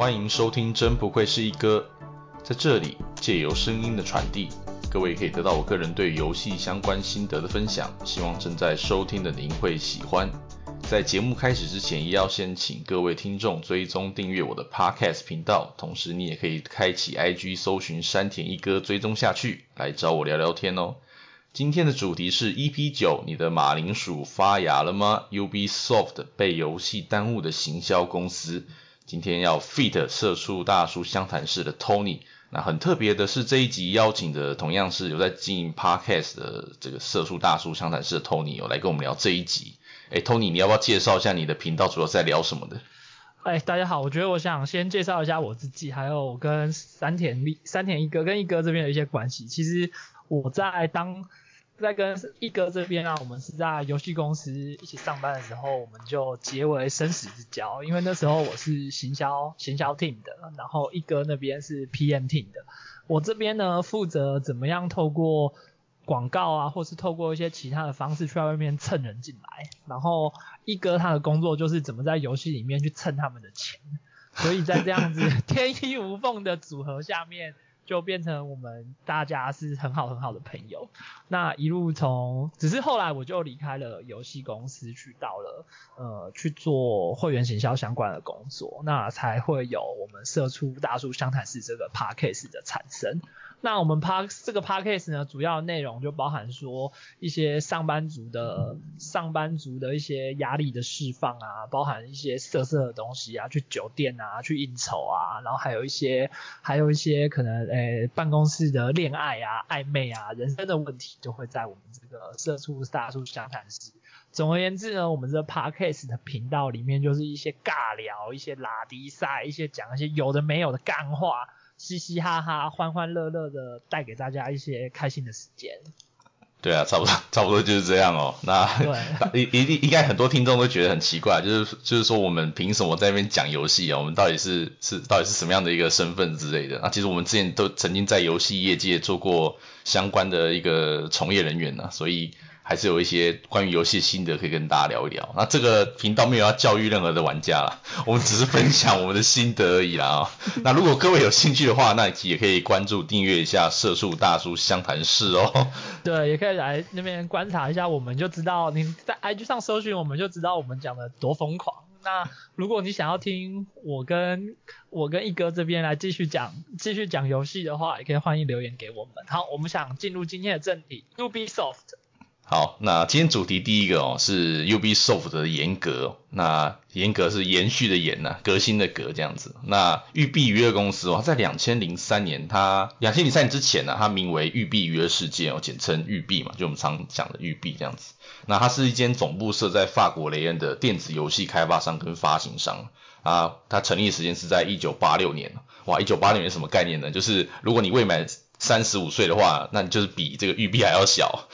歡迎收聽，真不愧是一哥，在這裡借由聲音的傳遞，各位可以得到我個人對遊戲相關心得的分享，希望正在收聽的您會喜歡。在節目開始之前，也要先請各位聽眾追蹤訂閱我的 Podcast 頻道，同時你也可以開啟 IG 搜尋山田一哥，追蹤下去來找我聊聊天哦。今天的主題是 EP 九，你的馬鈴薯發芽了嗎？UbiSoft 被遊戲耽誤的行銷公司。今天要 feat 社畜大叔相談室的 Tony，那很特別的是這一集邀請的同樣是有在經營 podcast 的這個社畜大叔相談室的 Tony 有來跟我們聊這一集。哎、欸，Tony 你要不要介紹一下你的頻道主要在聊什麼的？哎、欸，大家好，我覺得我想先介紹一下我自己，還有我跟三田一、三田一哥跟一哥這邊的一些關係。其實我在當在跟一哥這邊啊，我們是在遊戲公司一起上班的時候，我們就結為生死之交。因為那時候我是行銷行銷 team 的，然後一哥那邊是 PM team 的。我這邊呢，負責怎麼樣透過廣告啊，或是透過一些其他的方式去外面蹭人進來，然後一哥他的工作就是怎麼在遊戲裡面去蹭他們的錢。所以在這樣子 天衣無縫的組合下面。就變成我們大家是很好很好的朋友。那一路從，只是後來我就離開了遊戲公司，去到了呃去做會員行銷相關的工作，那才會有我們社畜大叔相談室這個 Podcast 的產生。那我們 Park 這個 Podcast 呢，主要內容就包含說一些上班族的上班族的一些壓力的釋放啊，包含一些色色的東西啊，去酒店啊，去應酬啊，然後還有一些還有一些可能誒、呃、辦公室的戀愛啊、曖昧啊、人生的問題，就會在我們這個社畜大叔相談室。總而言之呢，我們這 Podcast 的頻道裡面就是一些尬聊、一些拉低賽、一些講一些有的沒有的幹話。嘻嘻哈哈，歡歡樂樂的帶給大家一些開心的時間。對啊，差不多差不多就是這樣哦。那一一定應該很多聽眾都覺得很奇怪，就是就是說我們憑什麼在那邊講遊戲啊？我們到底是是到底是什麼樣的一個身份之類的？啊，其實我們之前都曾經在遊戲業界做過相關的一個從業人員呢、啊，所以。還是有一些關於遊戲心得可以跟大家聊一聊。那這個頻道沒有要教育任何的玩家啦，我們只是分享我們的心得而已啦、哦。 那如果各位有興趣的話，那也可以關注訂閱一下社畜大叔相談室哦。對，也可以來那邊觀察一下，我們就知道你在 IG 上搜尋，我們就知道我們講的多瘋狂。那如果你想要聽我跟我跟一哥這邊來繼續講繼續講遊戲的話，也可以歡迎留言給我們。好，我們想進入今天的正題，Ubisoft。Ub 好，那今天主題第一個哦，是 Ubisoft 的沿革。那沿革是延續的延吶、啊，革新的革這樣子。那育碧娛樂公司哦，它在兩千零三年，它兩千零三年之前呢、啊，它名為育碧娛樂世界哦，簡稱育碧嘛，就我們常講的育碧這樣子。那它是一間總部設在法國雷恩的電子遊戲開發商跟發行商啊，它成立的時間是在一九八六年。哇，一九八六年什麼概念呢？就是如果你未買，三十五歲的話，那你就是比這個育碧還要小，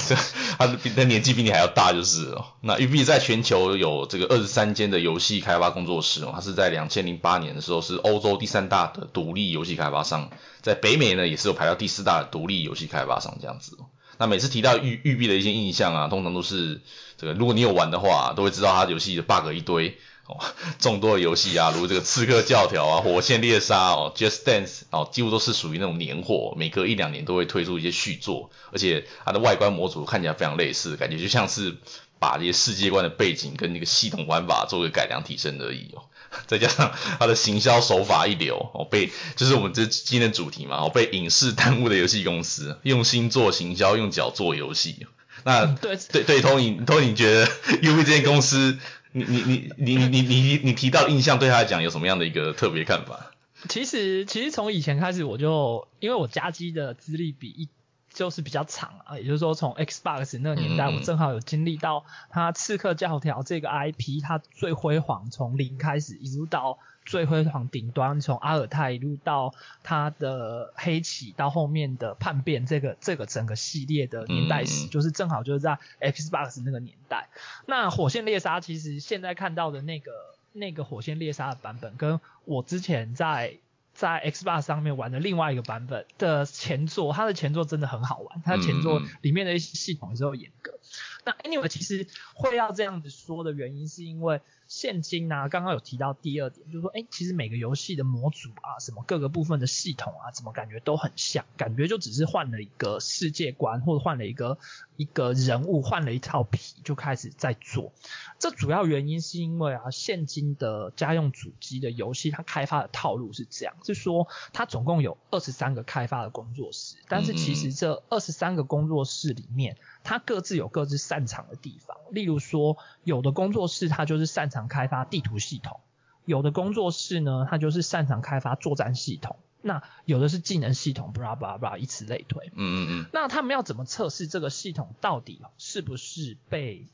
他他年紀比你還要大就是。那育碧在全球有這個二十三間的遊戲開發工作室，他是在兩千零八年的時候是歐洲第三大的獨立遊戲開發商，在北美呢也是有排到第四大的獨立遊戲開發商這樣子。那每次提到育育碧的一些印象啊，通常都是這個，如果你有玩的話，都會知道它遊戲的遊戲 bug 一堆。哦、眾多的遊戲啊，如這個《刺客教條》啊， 《火線獵殺》啊哦，《Just Dance》哦，幾乎都是屬於那種年貨，每隔一兩年都會推出一些續作，而且它的外觀模組看起來非常類似，感覺就像是把這些世界觀的背景跟那個系統玩法做個改良提升而已哦。再加上它的行銷手法一流哦，被就是我們這今天的主題嘛我，哦、被影視耽誤的遊戲公司，用心做行銷，用腳做遊戲。那、嗯、對對對，Tony Tony 覺得 U V 這些公司。你你你你你你你提到印象對他來講有什麼樣的一個特別看法？其實其實從以前開始我就因為我家機的資歷比一，就是比較長啊，也就是說，從 Xbox 那個年代，嗯、我正好有經歷到它《刺客教條》這個 IP 它最輝煌，從零開始一路到最輝煌頂端，從阿爾泰一路到它的黑旗到後面的叛變，這個這個整個系列的年代史，嗯、就是正好就是在 Xbox 那個年代。那《火線獵殺》其實現在看到的那個那個《火線獵殺》的版本，跟我之前在在 Xbox 上面玩的另外一個版本的前作，它的前作真的很好玩，它的前作裡面的一些系統比較嚴格。嗯、那 Anyway 其實會要這樣子說的原因，是因為。現今啊，剛剛有提到第二點，就是說，哎、欸，其實每個遊戲的模組啊，什麼各個部分的系統啊，怎麼感覺都很像，感覺就只是換了一個世界觀，或者換了一個一個人物，換了一套皮就開始在做。這主要原因是因為啊，現今的家用主機的遊戲，它開發的套路是這樣，是說它總共有二十三個開發的工作室，但是其實這二十三個工作室裡面，它各自有各自擅長的地方。例如說，有的工作室它就是擅長的開發地圖系統，有的工作室呢，它就是擅長開發作戰系統，那有的是技能系統，巴拉巴拉巴拉以此類推。嗯嗯嗯。那他們要怎麼測試這個系統到底是不是被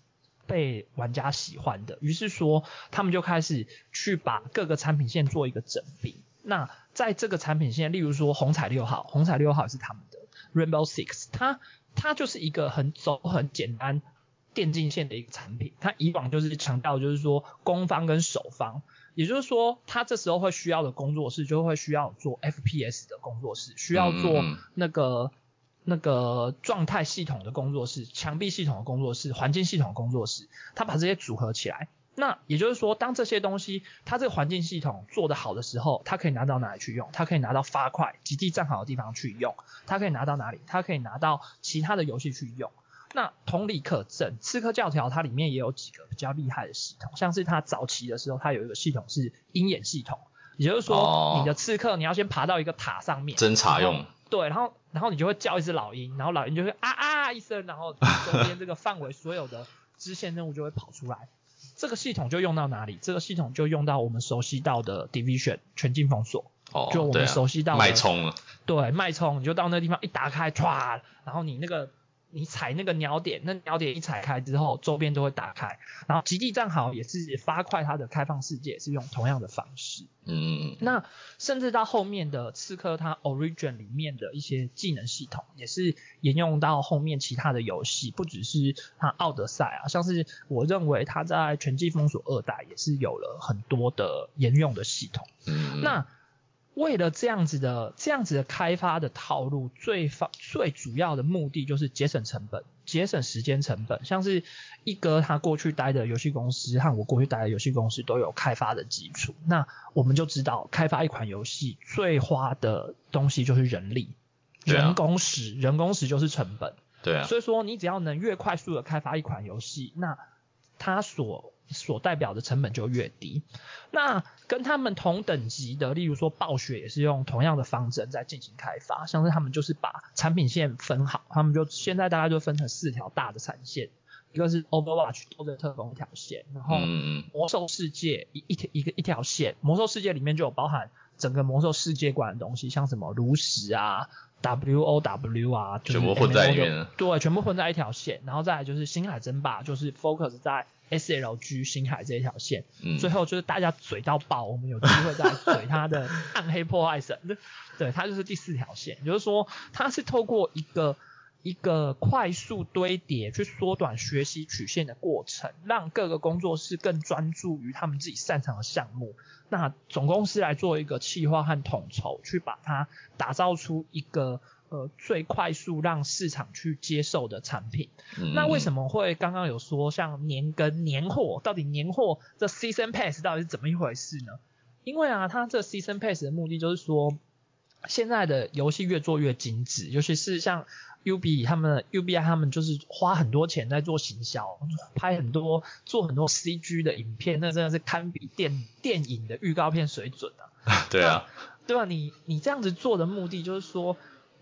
被玩家喜歡的？於是說，他們就開始去把各個產品線做一個整併。那在這個產品線，例如說虹彩六號，虹彩六號是他們的 Rainbow Six，它它就是一個很走很簡單。電競線的一個產品，它以往就是強調就是說攻方跟守方，也就是說，它這時候會需要的工作室就會需要做 FPS 的工作室，需要做那個那個狀態系統的工作室，牆壁系統的工作室，環境系統的工作室，它把這些組合起來。那也就是說，當這些東西它這個環境系統做得好的時候，它可以拿到哪裡去用？它可以拿到 Far Cry 極地戰嚎的地方去用，它可以拿到哪裡？它可以拿到其他的遊戲去用。那同理可證，刺客教條它裡面也有幾個比較厲害的系統，像是它早期的時候，它有一個系統是鷹眼系統，也就是說、哦、你的刺客你要先爬到一個塔上面，偵察用。對，然後然後你就會叫一隻老鷹，然後老鷹就會啊啊一聲，然後中間這個範圍所有的支線任務就會跑出來， 這個系統就用到哪裡，這個系統就用到我們熟悉到的 Division 全境封鎖，哦，就我們熟悉到脈衝、啊、了，對，脈衝你就到那個地方一打開歘，然後你那個。你踩那個鳥點，那鳥點一踩開之後，周邊都會打開。然後極地戰嚎也是發快它的開放世界，也是用同樣的方式。嗯，那甚至到後面的刺客，它 Origin 裡面的一些技能系統，也是沿用到後面其他的遊戲，不只是它奧德賽啊，像是我認為它在全境封鎖二代也是有了很多的沿用的系統。嗯，那。為了這樣子的這樣子的開發的套路，最最主要的目的就是節省成本，節省時間成本。像是一哥他過去待的遊戲公司和我過去待的遊戲公司都有開發的基礎，那我們就知道開發一款遊戲最花的東西就是人力、啊、人工時，人工時就是成本。對啊。所以說你只要能越快速的開發一款遊戲，那他所所代表的成本就越低。那跟他們同等級的，例如說暴雪也是用同樣的方針在進行開發，像是他們就是把產品線分好，他們就現在大概就分成四條大的產線，一個是 Overwatch 多人特工一條線，然後魔獸世界一一條一個一條線，嗯、魔獸世界裡面就有包含整個魔獸世界觀的東西，像什麼爐石啊、WoW 啊，全部混在裡面。對，全部混在一條線，然後再來就是星海爭霸，就是 Focus 在 S, S L G 星海這一條線，嗯、最後就是大家嘴到爆，我們有機會再嘴他的暗黑破壞神， 對，他就是第四條線，就是說他是透過一個一個快速堆疊去縮短學習曲線的過程，讓各個工作室更專注於他們自己擅長的項目，那總公司來做一個企劃和統籌，去把它打造出一個。呃，最快速讓市場去接受的產品。嗯嗯。那為什麼會剛剛有說像年跟年貨？到底年貨這 season pass 到底是怎麼一回事呢？因為啊，它這 season pass 的目的就是說，現在的遊戲越做越精緻，尤其是像 U B 他們 U B I 他們就是花很多錢在做行銷，拍很多做很多 C G 的影片，那真的是堪比電電影的預告片水準啊。對啊，對吧？啊，你你這樣子做的目的就是說。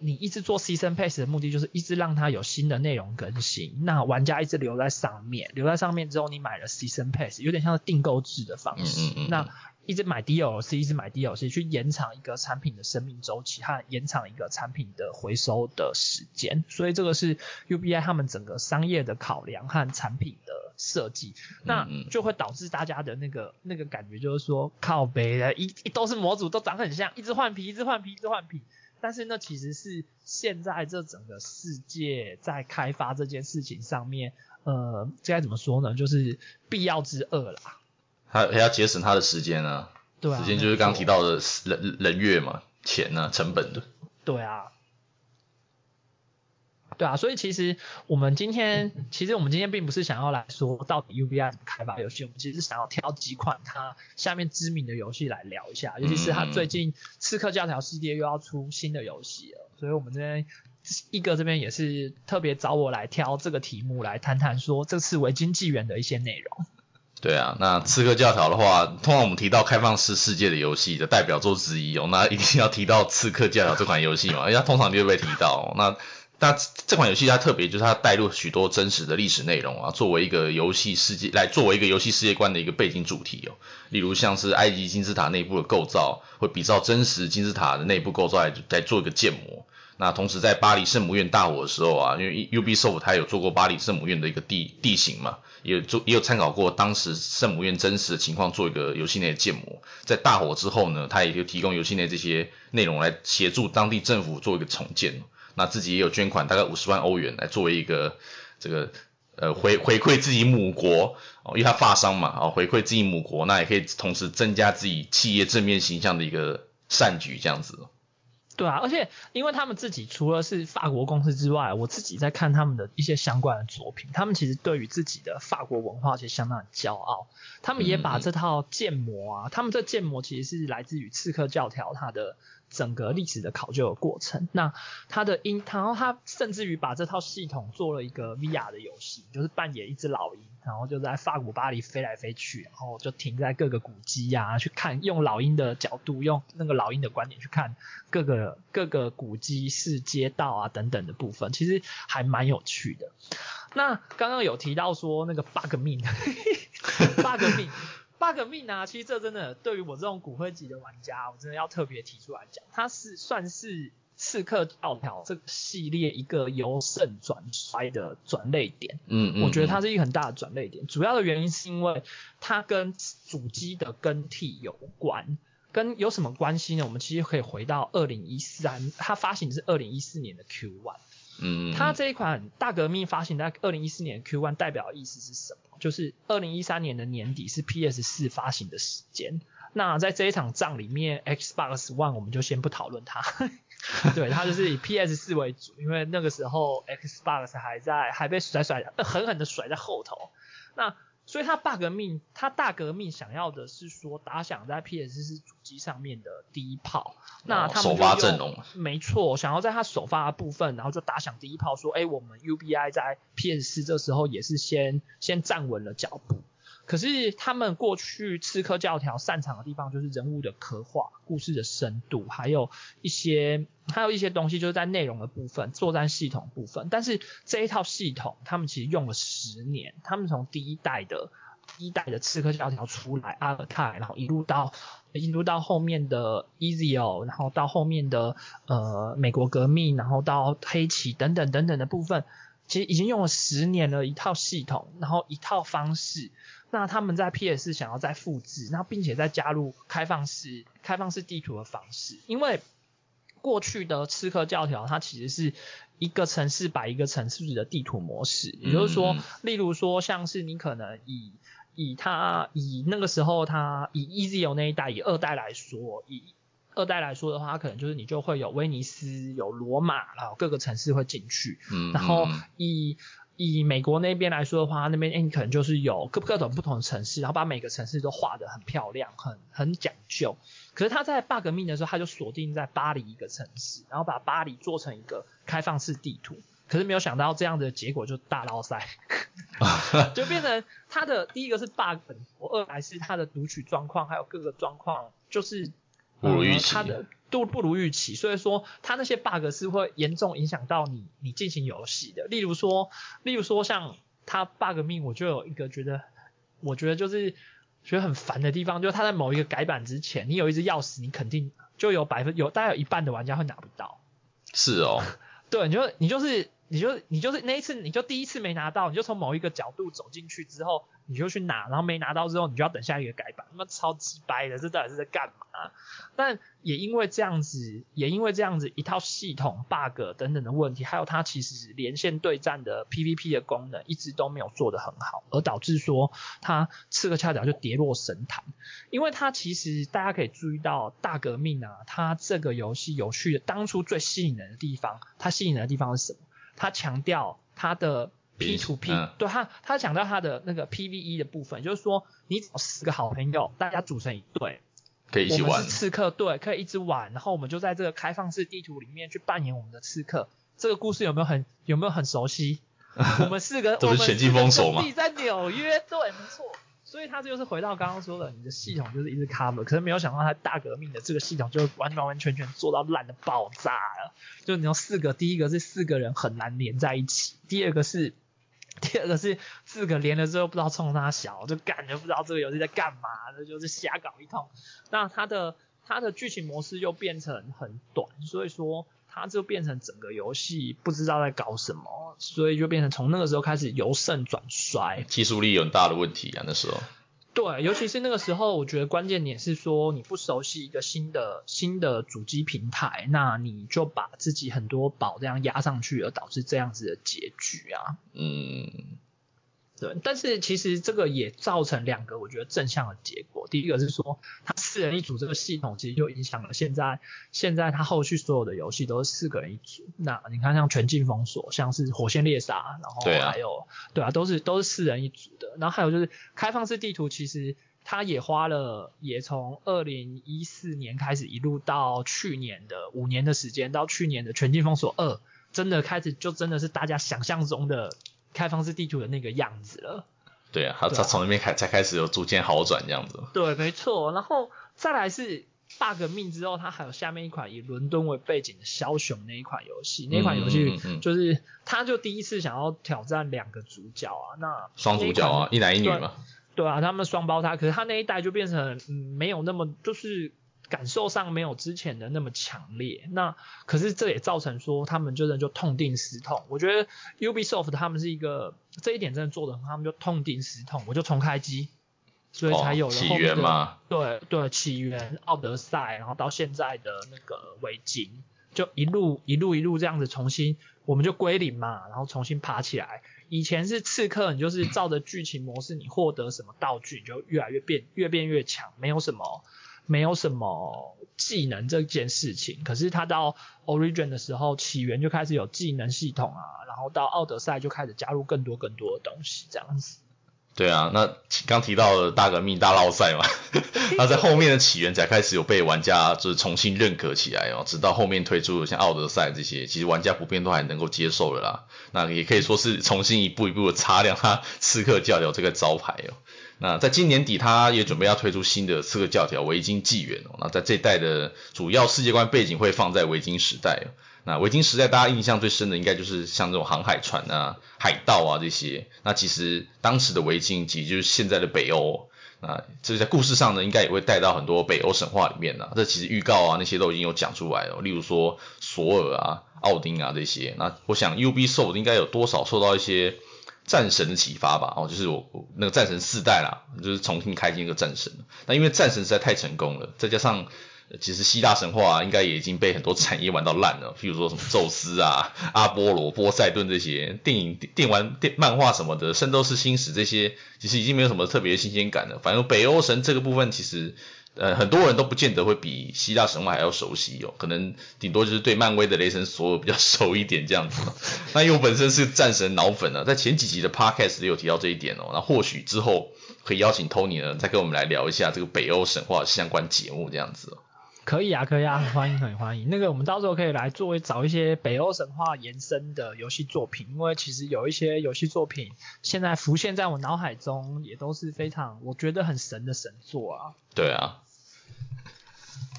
你一直做 season pass 的目的就是一直讓它有新的內容更新，那玩家一直留在上面，留在上面之後你買了 season pass，有點像是訂購制的方式，嗯嗯、那一直買 DLC，一直買 DLC，去延長一個產品的生命週期和延長一個產品的回收的時間，所以這個是 UBI 他們整個商業的考量和產品的設計，那就會導致大家的那個那個感覺就是說靠北，靠北的一一,一都是模組，都長得很像，一直換皮，一直換皮，一直換皮。但是那其實是現在這整個世界在開發這件事情上面，呃，這該怎麼說呢？就是必要之惡啦。還還要節省他的時間啊？對啊，時間就是剛提到的人，沒錯，人月嘛，錢呢、啊，成本的。對啊。對啊，所以其實我們今天，其實我們今天並不是想要來說到底 UBI 開發遊戲，我們其實是想要挑幾款它下面知名的遊戲來聊一下，尤其是它最近《刺客教條》世界又要出新的遊戲了，所以我們這邊一哥這邊也是特別找我來挑這個題目來談談說這次維京紀元的一些內容。對啊，那《刺客教條》的話，通常我們提到開放式世界的遊戲的代表作之一哦，那一定要提到《刺客教條》這款遊戲嘛， 因為它通常就會被提到哦。那那這款遊戲它特別就是它帶入許多真實的歷史內容啊，作為一個遊戲世界來作為一個遊戲世界觀的一個背景主題哦。例如像是埃及金字塔內部的構造，會比照真實金字塔的內部構造來來做一個建模。那同時在巴黎聖母院大火的時候啊，因為 u b s o f t 它有做過巴黎聖母院的一個地地形嘛，也做也有參考過當時聖母院真實的情況做一個遊戲內的建模。在大火之後呢，它也就提供遊戲內這些內容來協助當地政府做一個重建。那自己也有捐款，大概五十萬歐元來作為一個這個呃回回饋自己母國哦，因為他法商嘛啊、哦、回饋自己母國，那也可以同時增加自己企業正面形象的一個善舉這樣子。對啊，而且因為他們自己除了是法國公司之外，我自己在看他們的一些相關的作品，他們其實對於自己的法國文化其實相當的驕傲，他們也把這套建模啊，嗯、他們這建模其實是來自於《刺客教條》它的。整個歷史的考究的過程，那他的音，然後他甚至於把這套系統做了一個 VR 的遊戲，就是扮演一隻老鷹，然後就在法國巴黎飛來飛去，然後就停在各個古蹟呀、啊，去看用老鷹的角度，用那個老鷹的觀點去看各個各個古蹟、市街道啊等等的部分，其實還蠻有趣的。那剛剛有提到說那個 bug 命，bug 命。 bug 命啊，其實這真的對於我這種骨灰級的玩家，我真的要特別提出來講，它是算是刺客教條這個系列一個由盛轉衰的轉捩點。嗯、嗯、嗯，我覺得它是一個很大的轉捩點，主要的原因是因為它跟主機的更替有關，跟有什麼關係呢？我們其實可以回到二零一三，它發行的是二零一四年的 Q one。嗯,嗯,嗯，它這一款大革命發行在二零一四年 Q one 代表的意思是什麼？就是二零一三年的年底是 PS 四發行的時間。那在這一場仗裡面，Xbox One 我們就先不討論它， 對，它就是以 PS 四為主，因為那個時候 Xbox 還在，還被甩甩，呃、狠狠的甩在後頭。那所以它大革命，它大革命想要的是說打響在 PS4 主機上面的第一炮，哦、那他們就首發陣容沒錯，想要在它首發的部分，然後就打響第一炮說，說、欸、哎，我們 UBI 在 PS4 這時候也是先先站穩了腳步。可是他們過去刺客教條擅長的地方，就是人物的刻畫、故事的深度，還有一些還有一些東西，就是在內容的部分、作戰系統部分。但是這一套系統，他們其實用了十年。他們從第一代的第一代的刺客教條出來，阿爾泰，然後一路到一路到後面的 Ezio，然後到後面的呃美國革命，然後到黑旗等等等等的部分。其實已經用了十年了一套系統，然後一套方式。那他們在 PS 想要再複製，那並且再加入開放式、開放式地圖的方式。因為過去的刺客教條它其實是一個城市擺一個城市的地圖模式，嗯、也就是說，例如說像是你可能以以它以那個時候它以 Easy 遊那一代、以二代來說，以二代來說的話，可能就是你就會有威尼斯、有羅馬，然後各個城市會進去。嗯。然後以以美國那邊來說的話，那邊 n 可能就是有各不各種不同的城市，然後把每個城市都畫得很漂亮，很很講究。可是他在 bug 命的時候，他就鎖定在巴黎一個城市，然後把巴黎做成一個開放式地圖。可是沒有想到這樣的結果就大落賽， 就變成他的第一個是 bug 本，我二來是他的讀取狀況，還有各個狀況，就是。嗯、不如預期，的都不如預期，所以說它那些 bug 是會嚴重影響到你，你進行遊戲的。例如說，例如說像它 bug 命，我就有一個覺得，我覺得就是覺得很煩的地方，就是它在某一個改版之前，你有一隻鑰匙，你肯定就有百分有大概有一半的玩家會拿不到。是哦， 對，你就你就是。你就你就是那一次，你就第一次沒拿到，你就從某一個角度走進去之後，你就去拿，然後沒拿到之後，你就要等下一個改版，那超雞掰的，這到底是在幹嘛？但也因為這樣子，也因為這樣子一套系統 bug 等等的問題，還有它其實連線對戰的 PVP 的功能一直都沒有做得很好，而導致說它刺客教條就跌落神壇，因為它其實大家可以注意到大革命啊，它這個遊戲有趣的當初最吸引人的地方，它吸引人的地方是什麼？他強調他的 P2P，P,、嗯、對，他，他講到他的那個 PVE 的部分，就是說你找十個好朋友，大家組成一隊，可以一起玩。我們是刺客隊，可以一直玩，然後我們就在這個開放式地圖裡面去扮演我們的刺客。這個故事有沒有很有沒有很熟悉？ 我們四個 都是全境封鎖嗎，自己在紐約，對，沒錯。所以他這就是回到剛剛說的，你的系統就是一直 cover，可是沒有想到他大革命的這個系統就完完完全全做到爛的爆炸了。就你有四個，第一個是四個人很難連在一起，第二個是第二個是四個連了之後不知道衝三小，就感覺不知道這個遊戲在幹嘛，這就就是瞎搞一通。那它的它的劇情模式又變成很短，所以說。它就變成整個遊戲不知道在搞什麼，所以就變成從那個時候開始由盛轉衰。技術力有很大的問題啊，那時候。對，尤其是那個時候，我覺得關鍵點是說你不熟悉一個新的新的主機平臺，那你就把自己很多寶這樣壓上去，而導致這樣子的結局啊。嗯。但是其實這個也造成兩個我覺得正向的結果，第一個是說它四人一組這個系統其實就影響了現在現在它後續所有的遊戲都是四個人一組，那你看像《全境封鎖》像是《火線獵殺》，然後還有對啊，都是都是四人一組的，然後還有就是開放式地圖，其實它也花了也從二零一四年開始一路到去年的五年的時間，到去年的《全境封鎖二》，真的開始就真的是大家想象中的。開放式地圖的那個樣子了。對啊，對啊他他從那邊開才開始有逐漸好轉這樣子。對，沒錯。然後再來是大革命之後，他還有下面一款以倫敦為背景的梟雄那一款遊戲，那款遊戲就是他就第一次想要挑戰兩個主角啊，那雙主角啊，一男一女嘛。對,對啊，他們雙胞胎，可是他那一代就變成、嗯、沒有那麼就是。感受上沒有之前的那麼強烈，那可是這也造成說他們就真的就痛定思痛。我覺得 Ubisoft 他們是一個這一點真的做得很好，他們就痛定思痛，我就重開機，所以才有了、哦、起源嘛，對對，起源、奧德賽，然後到現在的那個《維京》，就一路一路一路這樣子重新，我們就歸零嘛，然後重新爬起來。以前是刺客，你就是照着劇情模式，你獲得什麼道具，你就越來越變越變越強，沒有什麼。沒有什麼技能這件事情，可是他到 Origin 的時候，起源就開始有技能系統啊，然後到奧德賽就開始加入更多更多的東西這樣子。對啊，那剛剛提到的大革命、大勞賽嘛，那在後面的起源才開始有被玩家、啊、就是重新認可起來哦，直到後面推出像奧德賽這些，其實玩家普遍都還能夠接受了啦。那也可以說是重新一步一步的擦亮他刺客教條這個招牌哦。那在今年底，他也準備要推出新的刺客教條——維京紀元、哦。那在這一代的主要世界觀背景會放在維京時代、哦。那維京時代大家印象最深的，應該就是像這種航海船啊、海盜啊這些。那其實當時的維京其實就是現在的北歐。那這在故事上呢，應該也會帶到很多北歐神話裡面啊。這其實預告啊那些都已經有講出來了、哦、例如說索爾啊、奧丁啊這些。那我想 Ubisoft 應該有多少受到一些。戰神的啟發吧，哦，就是我，我那個戰神四代啦，就是重新開進一個戰神。那因為戰神實在太成功了，再加上其實希臘神話、啊、應該也已經被很多產業玩到爛了，譬如說什麼宙斯啊、 阿波羅、波塞頓這些電影、電玩、電漫畫什麼的，《聖鬥士星矢》這些其實已經沒有什麼特別新鮮感了。反正北歐神這個部分其實。呃，很多人都不見得會比希臘神話還要熟悉哦，可能頂多就是對漫威的雷神所有比較熟一點這樣子。 那因為我本身是戰神腦粉呢、啊，在前幾集的 podcast 也有提到這一點哦。那或許之後可以邀請 Tony 呢，再跟我們來聊一下這個北歐神話相關節目這樣子哦。可以啊，可以啊，很歡迎，歡迎，歡迎。那個我們到時候可以來作為找一些北歐神話延伸的遊戲作品，因為其實有一些遊戲作品現在浮現在，浮現在我腦海中，也都是非常我覺得很神的神作啊。對啊。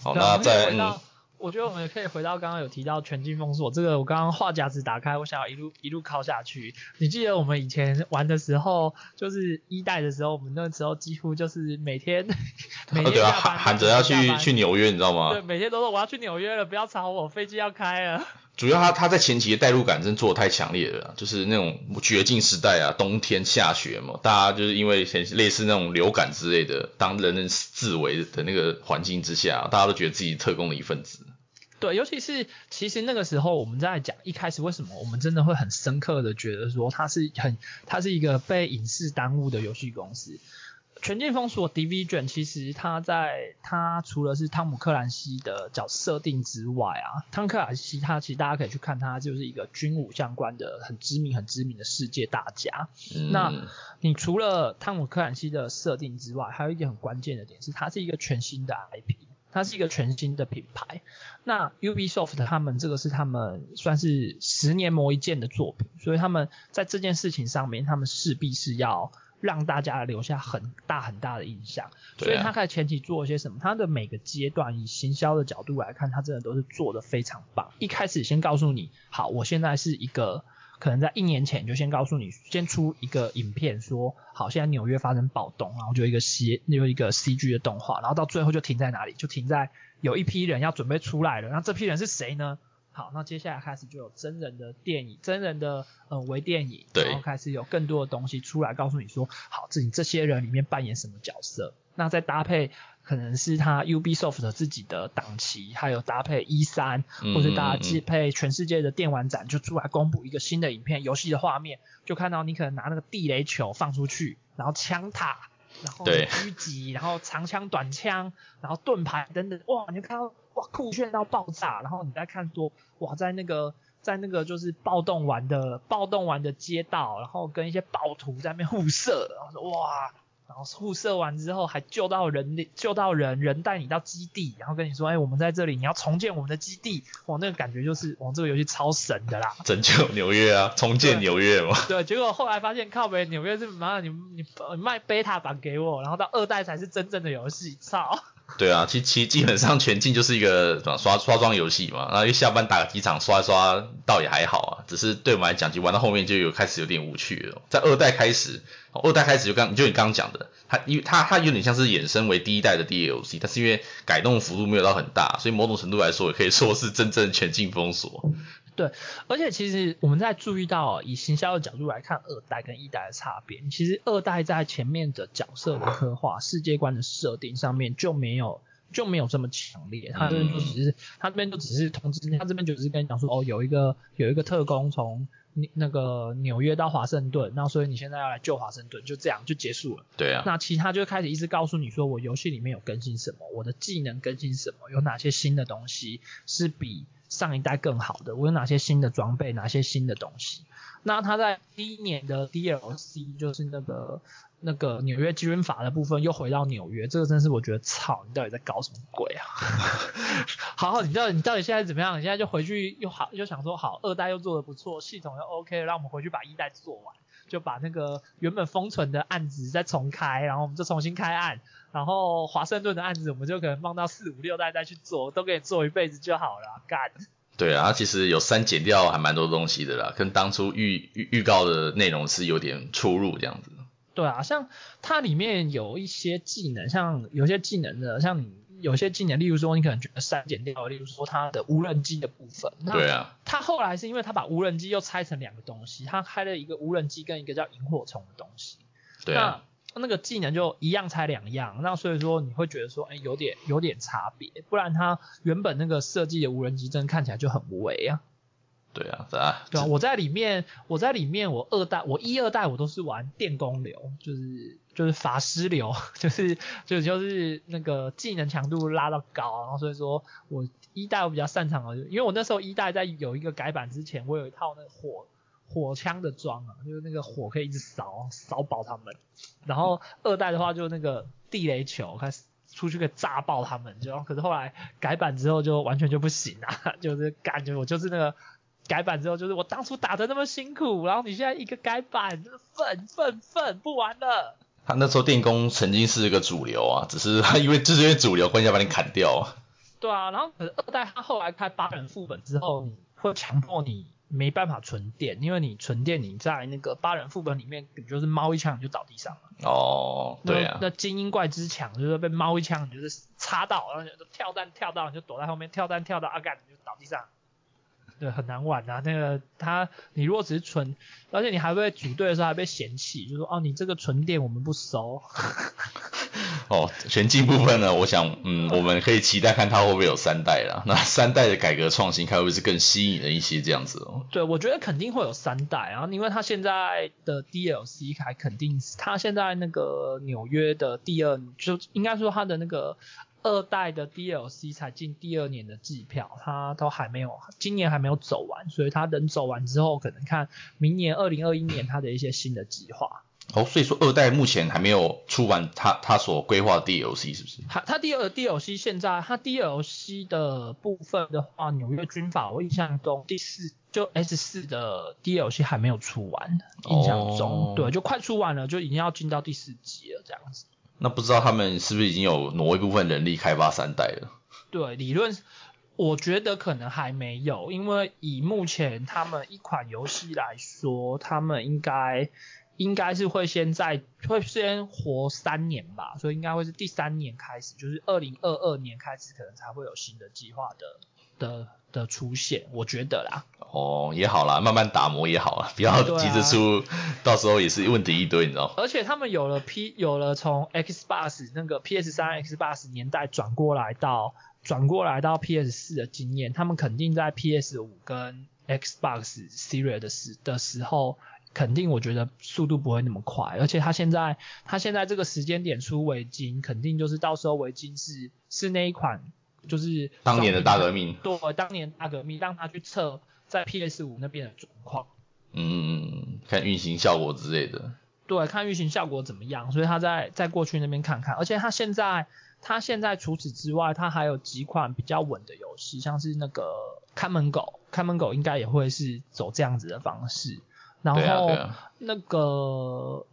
好，那再回到，嗯、我覺得我們也可以回到剛剛有提到全境封鎖這個。我剛剛話匣子打開，我想要一路一路靠下去。你記得我們以前玩的時候，就是一代的時候，我們那時候幾乎就是每天每天、啊對啊、喊喊着要去班去紐約，你知道嗎？對，每天都說我要去紐約了，不要吵我，飛機要開了。主要他他在前期的代入感真的做得太強烈了，就是那種絕境時代啊，冬天下雪嘛，大家就是因為類似那種流感之類的，當人人自危的那個環境之下啊，大家都覺得自己特工的一份子。對，尤其是其實那個時候我們在講一開始為什麼我們真的會很深刻的覺得說它是很它是一個被影視耽誤的遊戲公司。全境封鎖 Division 其實它在它除了是湯姆克蘭西的角色設定之外啊，湯克蘭西他其實大家可以去看它，它就是一個軍武相關的很知名很知名的世界大家。嗯、那你除了湯姆克蘭西的設定之外，還有一個很關鍵的點是，它是一個全新的 IP，它是一個全新的品牌。那 Ubisoft 他們這個是他們算是十年磨一劍的作品，所以他們在這件事情上面，他們勢必是要。讓大家留下很大很大的印象，所以他在前期做了些什麼？他的每個階段以行銷的角度來看，他真的都是做的非常棒。一開始先告訴你，好，我現在是一個可能在一年前就先告訴你，先出一個影片說，好，現在紐約發生暴動，然後就一個 C，有一個 CG 的動畫，然後到最後就停在哪裡？就停在有一批人要準備出來了，那這批人是誰呢？好，那接下來開始就有真人的電影，真人的呃微電影，然後開始有更多的東西出來，告訴你說，對好，這這些人裡面扮演什麼角色。那再搭配可能是他 Ubisoft 自己的檔期，還有搭配 E3 或是者搭配全世界的電玩展，嗯、就出來公布一個新的影片遊戲的畫面，就看到你可能拿那個地雷球放出去，然後槍塔。然後狙擊，然後長槍短槍，然後盾牌等等，哇，你就看到哇酷炫到爆炸。然後你再看多，哇，在那個在那個就是暴動完的暴動完的街道，然後跟一些暴徒在那邊互射，然後說哇。然後互射完之後還救到人，救到人，人帶你到基地，然後跟你說，哎、欸，我們在這裡，你要重建我們的基地。哇，那個感覺就是，哇，這個遊戲超神的啦！拯救紐約啊，重建紐約嘛。對，對，結果後來發現靠北紐約是媽，你你，你，你賣 beta 版給我，然後到二代才是真正的遊戲，操！對啊，其其基本上全境就是一個刷刷裝遊戲嘛，然後一下班打個幾場刷一刷倒也還好啊。只是對我們來講，就玩到後面就有開始有點無趣了，哦。在二代開始，哦、二代開始就剛就你剛剛講的，它因為它它，它有點像是衍生為第一代的 DLC，但是因為改動幅度沒有到很大，所以某種程度來說也可以說是真正的全境封鎖。對，而且其實我們在注意到、哦，以行銷的角度來看，二代跟一代的差別，其實二代在前面的角色的刻畫、世界觀的設定上面就沒有就沒有這麼強烈。他這邊就只是他這邊就只是通知，他這邊就只是，就只是，就是跟你講說哦，有一個有一個特工從那個紐約到華盛頓，那所以你現在要來救華盛頓，就這樣就結束了。對啊。那其他就開始一直告訴你說，我遊戲裡面有更新什麼，我的技能更新什麼，有哪些新的東西是比。上一代更好的，我有哪些新的裝備，哪些新的東西？那他在第一年的 DLC 就是那個那個紐約基運法的部分又回到紐約，這個真是我覺得操，你到底在搞什麼鬼啊？ 好好，你到底你到底現在怎麼樣？你現在就回去又好，又想說好二代又做的不錯，系統又 OK，讓我們回去把一代做完。就把那個原本封存的案子再重開，然後我們就重新開案，然後華盛頓的案子我們就可能放到四五六代再去做，都可以做一輩子就好了，幹。對啊，它其實有刪減掉還蠻多東西的啦，跟當初預預預告的內容是有點出入這樣子。對啊，像它裡面有一些技能，像有些技能的，像你。有些技能，例如說你可能覺得刪減掉，例如說它的無人機的部分。它，對啊。他後來是因為他把無人機又拆成兩個東西，他開了一個無人機跟一個叫螢火蟲的東西。對啊。那那個技能就一樣拆兩樣，那所以說你會覺得說，欸，有點有點差別，不然它原本那個設計的無人機真看起來就很無為啊。對啊，對啊。對啊，我在裡面，我在裡面，我二代，我一二代，我都是玩電工流，就是。就是法師流，就是就是、就是那個技能強度拉到高，然後所以說我一代我比較擅長的，就因為我那時候一代在有一個改版之前，我有一套那個火火槍的裝啊，就是那個火可以一直燒燒爆他們。然後二代的話就那個地雷球，開始出去可以炸爆他們，就可是後來改版之後就完全就不行了，啊，就是感覺我就是那個改版之後就是我當初打得那麼辛苦，然後你現在一個改版，就是憤憤憤，不玩了。他那時候電工曾經是一個主流啊，只是他因為就是因為主流，關係，要把你砍掉。對啊，然後可是二代他後來開八人副本之後，會強迫你沒辦法存電，因為你存電，你在那個八人副本裡面，你就是貓一槍你就倒地上了。哦，oh, 對啊。那精英怪之強就是被貓一槍，就是插到，然後就跳彈跳到，你就躲在後面，跳彈跳到啊幹、啊、你就倒地上。對，很難玩吶、啊。那個他，你如果只是純，而且你還會組隊的時候還被嫌棄，就是、說哦，你這個純電我們不熟。 哦，全境部分呢，我想，嗯，嗯我們可以期待看他會不會有三代了。那三代的改革創新，會不會是更吸引人一些這樣子？哦。對，我覺得肯定會有三代啊，然後因為他現在的 DLC 還肯定，他現在那個紐約的第二，就應該說他的那個。二代的 DLC 才進第二年的季票，他都還沒有，今年還沒有走完，所以他等走完之後，可能看明年二零二一年他的一些新的計劃。哦，所以說二代目前還沒有出完他他所規劃的 DLC 是不是？他他第二 DLC 現在他 DLC 的部分的話，紐約軍閥我印象中第四就 S 四的 DLC 還沒有出完，印象中、哦、對，就快出完了，就已經要進到第四集了這樣子。那不知道他們是不是已經有挪一部分人力開發三代了？對，理論，我覺得可能還沒有，因為以目前他們一款遊戲來說，他們應該應該是會先在，會先活三年吧，所以應該會是第三年開始，就是二零二二年開始可能才會有新的計劃的。的的出現，我覺得啦。哦，也好啦，慢慢打磨也好啦，不要急着出， 啊，到時候也是問題一堆，你知道。而且他們有了 P，有了從 Xbox 那個 PS3、Xbox 年代轉過來到轉過來到 PS4 的經驗，他們肯定在 PS5 跟 Xbox Series 的，的時候，肯定我覺得速度不會那麼快。而且他現在他現在這個時間點出圍巾，肯定就是到時候圍巾是是那一款。就是當年的大革命。對，當年大革命，讓他去測在 PS5 那邊的狀況。嗯，看運行效果之類的。對，看運行效果怎麼樣，所以他再再過去那邊看看。而且他現在，他現在除此之外，他還有幾款比較穩的遊戲，像是那個《看門狗》，《看門狗》應該也會是走這樣子的方式。然後對啊對啊，那個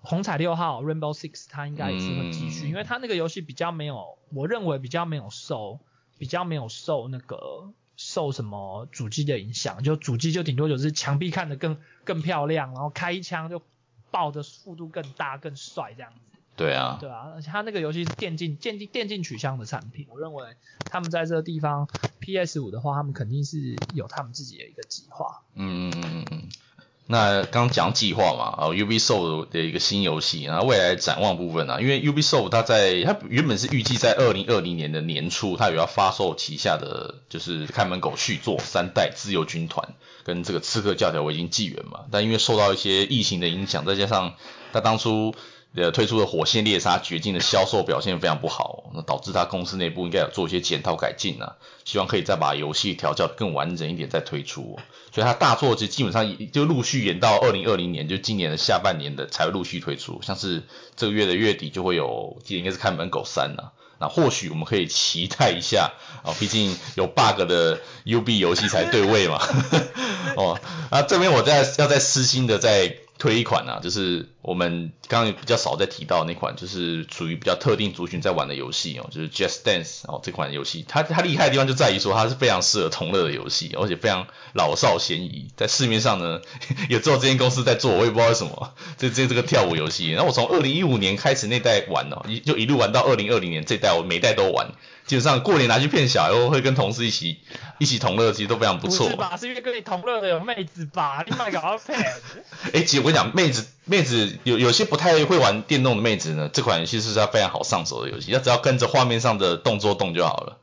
《虹彩六號》（Rainbow Six），他應該也是會繼續，嗯、因為他那個遊戲比較沒有，我認為比較沒有 soul 比較沒有受那個受什麼主機的影響，就主機就頂多就是牆壁看得更更漂亮，然後開一槍就爆的速度更大更帥這樣子。對啊、嗯，對啊，而且他那個遊戲是電競電競電競取向的產品，我認為他們在這個地方 PS 五的話，他們肯定是有他們自己的一個計劃。嗯嗯嗯嗯。那剛，剛講計劃嘛，啊 Ubisoft 的一個新遊戲，然後未來展望部分呢、啊，因為 Ubisoft 它在它原本是預計在二零二零年的年初，它有要發售旗下的就是《看門狗》續作《三代自由軍團》跟這個《刺客教條：維京紀元》嘛，但因為受到一些疫情的影響，再加上它當初呃，推出的《火線獵殺：絕境》的銷售表現非常不好，哦，那導致他公司內部應該有做一些檢討改進啊。希望可以再把遊戲調教的更完整一點再推出，哦。所以他大作其實基本上就陸續延到二零二零年，就今年的下半年的才陸續推出，像是這個月的月底就會有，今年應該是《看門狗三》了。那或許我們可以期待一下，啊，畢竟有 bug 的 UB 遊戲才對味嘛。 哦，啊，這邊我再要再私心的再。推一款啊，就是我們剛剛也比較少在提到那款，就是屬於比較特定族群在玩的遊戲哦，就是 Just Dance 哦，這款遊戲它它厲害的地方就在於說，它是非常適合同樂的遊戲，而且非常老少咸宜，在市面上呢，也只有，只有這間公司在做，我也不知道為什麼這這這個跳舞遊戲，然後我從二零一五年開始那代玩哦，一就一路玩到二零二零年這代，我每一代都玩。基本上過年拿去騙小孩，會跟同事一起一起同樂，其實都非常不錯。不是吧？是因為跟你同樂的有妹子吧？ 你買個 iPad？欸，其實我跟你講妹子，妹子有有些不太會玩電動的妹子呢，這款遊戲是在非常好上手的遊戲，要只要跟着畫面上的動作動就好了。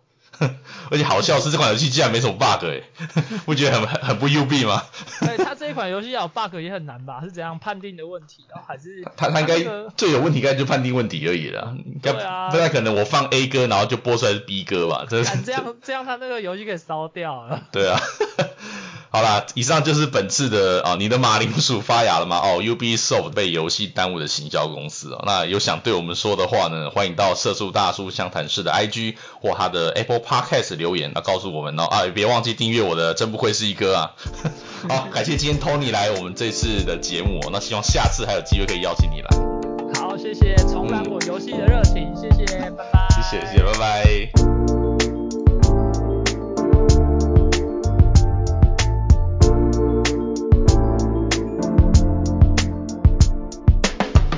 而且好笑是這款遊戲竟然沒什麼 bug 哎、欸，不覺得很很不 U B 嗎？哎，他這一款遊戲有 bug 也很難吧？是怎樣判定的問題，然後還是他他應該、那個、最有問題應該就判定問題而已了，應對啊，不太可能我放 A 歌然後就播出來是 B 歌吧？這樣這樣他那個遊戲可以燒掉了。對啊。 好啦，以上就是本次的啊、哦，你的馬鈴薯發芽了嗎？哦 UbiSoft 被遊戲耽誤的行銷公司哦，那有想對我們說的話呢，歡迎到社畜大叔相談室的 IG 或他的 Apple Podcast 留言，那告訴我們哦啊，別忘記訂閱我的，真不愧是一哥啊！好、 哦，感謝今天 Tony 來我們這次的節目、哦，那希望下次還有機會可以邀請你來。好，謝謝重燃我遊戲的熱情，嗯、謝謝，拜拜。謝謝，拜拜。